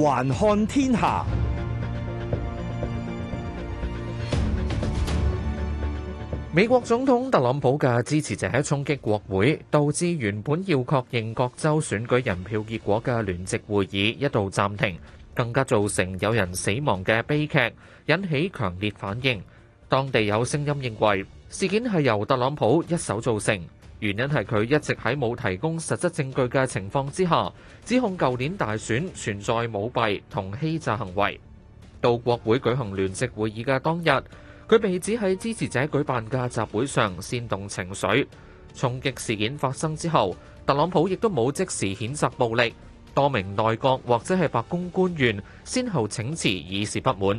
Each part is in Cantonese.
還看天下。美國總統特朗普嘅支持者衝擊國會，導致原本要確認各州選舉人票結果嘅聯席會議一度暫停，更加造成有人死亡嘅悲劇，引起強烈反應。當地有聲音認為事件係由特朗普一手造成。原因係佢一直喺冇提供實質證據嘅情況之下，指控舊年大選存在舞弊同欺詐行為。到國會舉行聯席會議嘅當日，佢被指喺支持者舉辦嘅集會上煽動情緒。衝擊事件發生之後，特朗普亦都冇即時譴責暴力，多名內閣或者係白宮官員先後請辭以示不滿。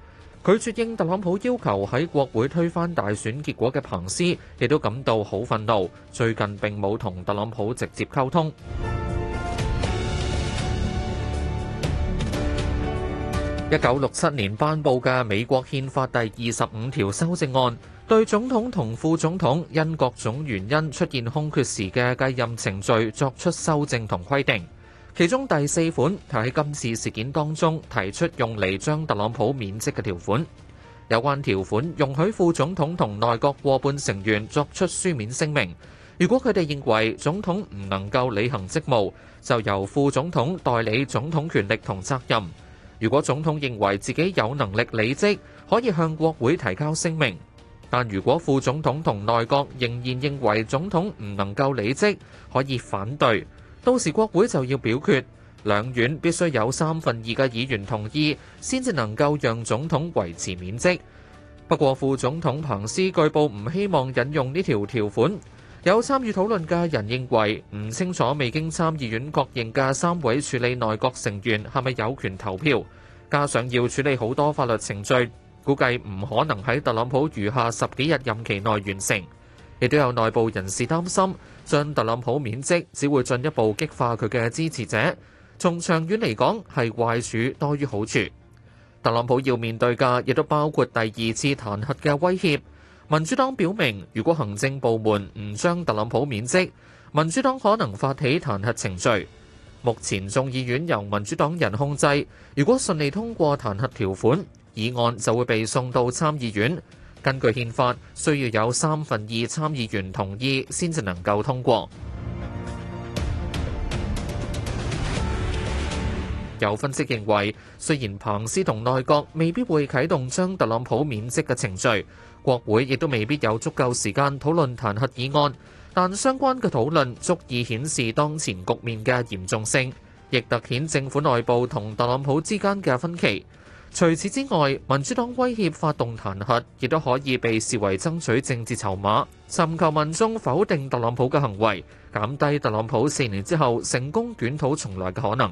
拒絕應特朗普要求喺國會推翻大選結果嘅彭斯，亦都感到好憤怒。最近並冇同特朗普直接溝通。一九六七年頒布嘅美國憲法第二十五條修正案，對總統同副總統因各種原因出現空缺時嘅繼任程序作出修正同規定。其中第四款就喺今次事件當中提出用嚟將特朗普免職嘅條款。有關條款容許副總統同內閣過半成員作出書面聲明，如果佢哋認為總統唔能夠履行職務，就由副總統代理總統權力同責任。如果總統認為自己有能力履職，可以向國會提交聲明。但如果副總統同內閣仍然認為總統唔能夠履職，可以反對。到時國會就要表決，兩院必須有三分二嘅議員同意，先至能夠讓總統維持免職。不過，副總統彭斯據報唔希望引用呢條條款。有參與討論嘅人認為，唔清楚未經參議院確認嘅三位處理內閣成員係咪有權投票，加上要處理好多法律程序，估計唔可能喺特朗普餘下十幾日任期內完成。亦都有內部人士擔心。將特朗普免職，只會進一步激化佢嘅支持者。從長遠嚟講，係壞處多於好處。特朗普要面對嘅亦都包括第二次彈劾嘅威脅。民主黨表明，如果行政部門唔將特朗普免職，民主黨可能發起彈劾程序。目前眾議院由民主黨人控制，如果順利通過彈劾條款，議案就會被送到參議院。根據憲法，需要有三分二參議員同意先至能夠通過。有分析認為，雖然彭斯同內閣未必會啟動將特朗普免職嘅程序，國會亦都未必有足夠時間討論彈劾議案，但相關嘅討論足以顯示當前局面嘅嚴重性，亦突顯政府內部同特朗普之間嘅分歧。除此之外，民主黨威脅發動彈劾，亦都可以被視為爭取政治籌碼，尋求民眾否定特朗普嘅行為，減低特朗普四年之後成功捲土重來嘅可能。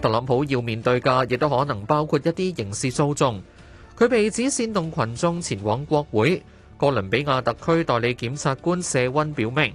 特朗普要面對嘅，亦都可能包括一啲刑事訴訟。佢被指煽動群眾前往國會，哥倫比亞特區代理檢察官謝温表明。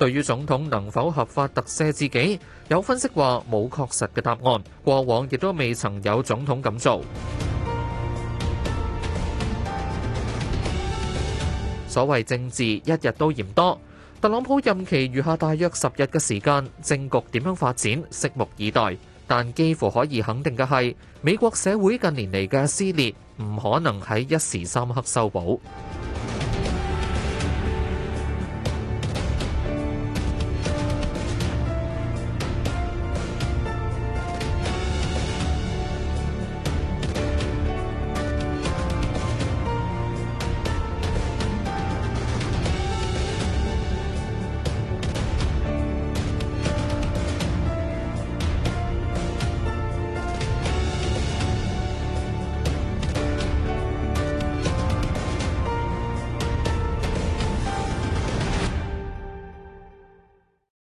對於總統能否合法特赦自己，有分析話冇確實嘅答案。過往亦都未曾有總統咁做。所謂政治一日都嫌多，特朗普任期餘下大約十日嘅時間，政局點樣發展，拭目以待。但幾乎可以肯定嘅係，美國社會近年嚟嘅撕裂，唔可能喺一時三刻修補。